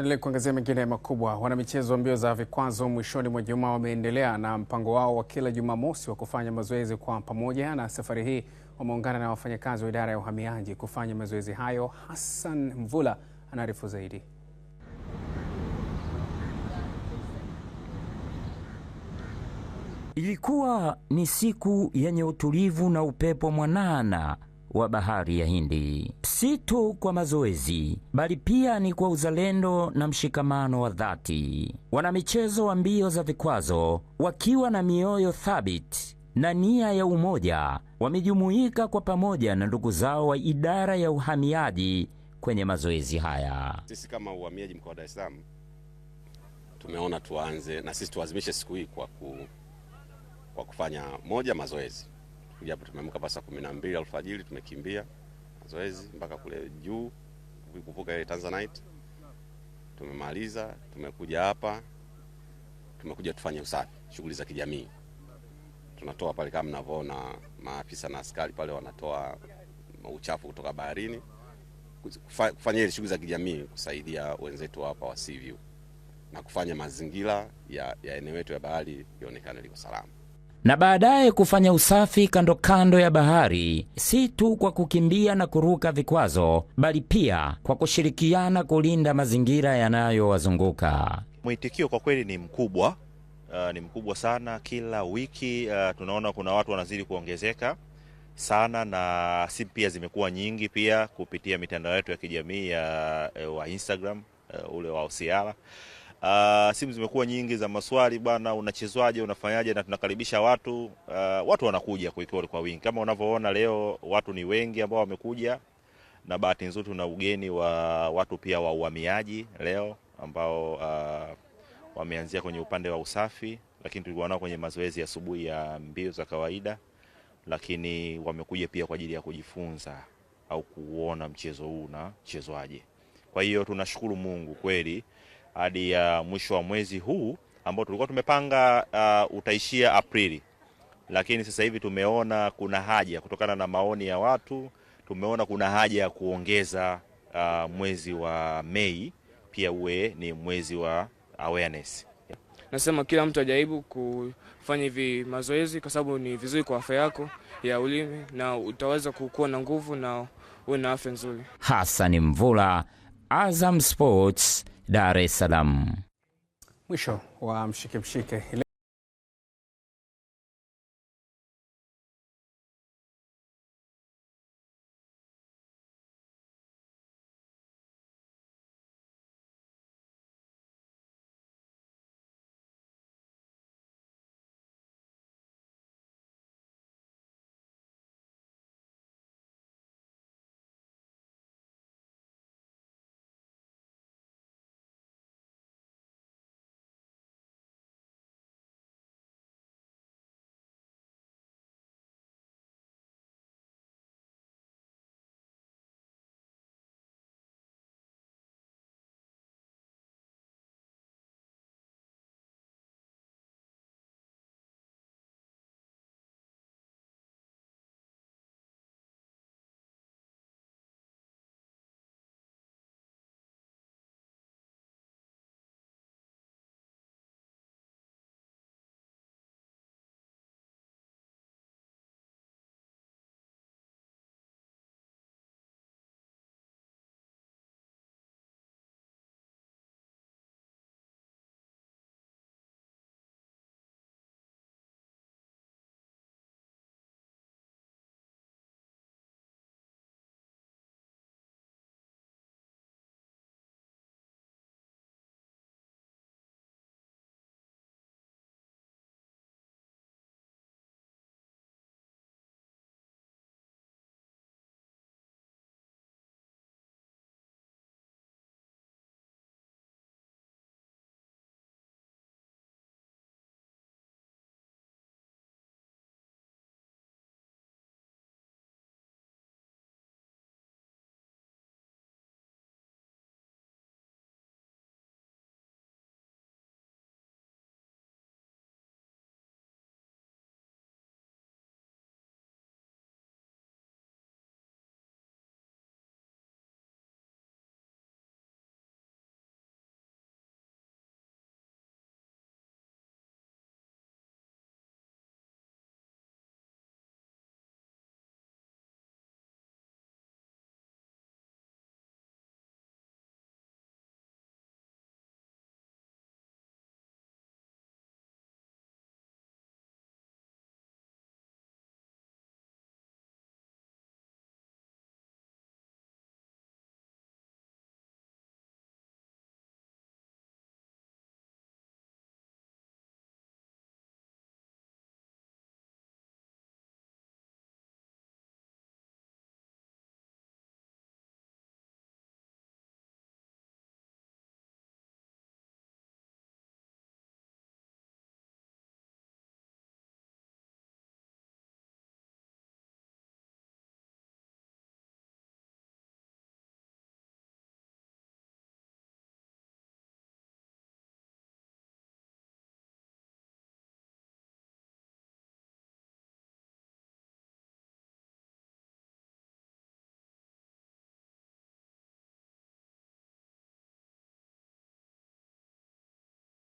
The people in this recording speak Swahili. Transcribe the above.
Tuendelee kuangazia mengine makubwa. Wanamichezo wa mbio za vikwazo mwishoni mwa juma wameendelea na mpango wao wa kila Jumamosi wa kufanya mazoezi kwa pamoja, na safari hii wameungana na wafanyakazi wa idara ya uhamiaji kufanya mazoezi hayo. Hassan Mvula anaarifu zaidi. Ilikuwa ni siku yenye utulivu na upepo mwanana wa bahari ya Hindi, si tu kwa mazoezi, bali pia ni kwa uzalendo na mshikamano wa dhati. Wanamichezo wa mbio za vikwazo, wakiwa na mioyo thabiti na nia ya umoja, wamejumuika kwa pamoja na ndugu zao wa idara ya uhamiaji kwenye mazoezi haya. Sisi kama uhamiaji mkoa wa Dar es Salaam tumeona tuanze na sisi tuazimishe siku hii kwa, ku, kwa kufanya moja mazoezi Tumekuja hapo tumeamka pa saa kumi na mbili alfajiri, tumekimbia mazoezi mpaka kule juu kuvuka ile Tanzanite. Tumemaliza, tumekuja hapa, tumekuja tufanye usafi, shughuli za kijamii tunatoa pale, kama mnavyoona maafisa na askari pale wanatoa uchafu kutoka baharini, kufanya ile shughuli za kijamii, kusaidia wenzetu hapa wa Sea View na kufanya mazingira ya, ya eneo letu ya bahari ionekane liko salama na baadaye kufanya usafi kando kando ya bahari, si tu kwa kukimbia na kuruka vikwazo, bali pia kwa kushirikiana kulinda mazingira yanayowazunguka. Mwitikio kwa kweli ni mkubwa. Uh, ni mkubwa sana. Kila wiki uh, tunaona kuna watu wanazidi kuongezeka sana, na simu pia zimekuwa nyingi pia kupitia mitandao yetu ya kijamii ya, eh, wa Instagram uh, ule wa Osiala Uh, simu zimekuwa nyingi za maswali bwana, unachezwaje, unafanyaje, na tunakaribisha watu uh, watu wanakuja kwa kweli kwa wingi kama unavyoona leo, watu ni wengi ambao wamekuja, na bahati nzuri tuna ugeni wa watu pia wa uhamiaji leo ambao uh, wameanzia kwenye upande wa usafi, lakini tulikuwa nao kwenye mazoezi asubuhi ya, ya mbio za kawaida, lakini wamekuja pia kwa ajili ya kujifunza au kuona mchezo huu unachezwaje. Kwa hiyo tunashukuru Mungu kweli hadi ya uh, mwisho wa mwezi huu ambao tulikuwa tumepanga uh, utaishia Aprili, lakini sasa hivi tumeona kuna haja kutokana na maoni ya watu, tumeona kuna haja ya kuongeza uh, mwezi wa Mei pia uwe ni mwezi wa awareness. Nasema kila mtu ajaribu kufanya hivi mazoezi kwa sababu ni vizuri kwa afya yako ya ulimi na utaweza kukuwa na nguvu na uwe na afya nzuri. Hassan Mvula, Azam Sports, Dar es Salaam. Mwisho wa Mshike Mshike.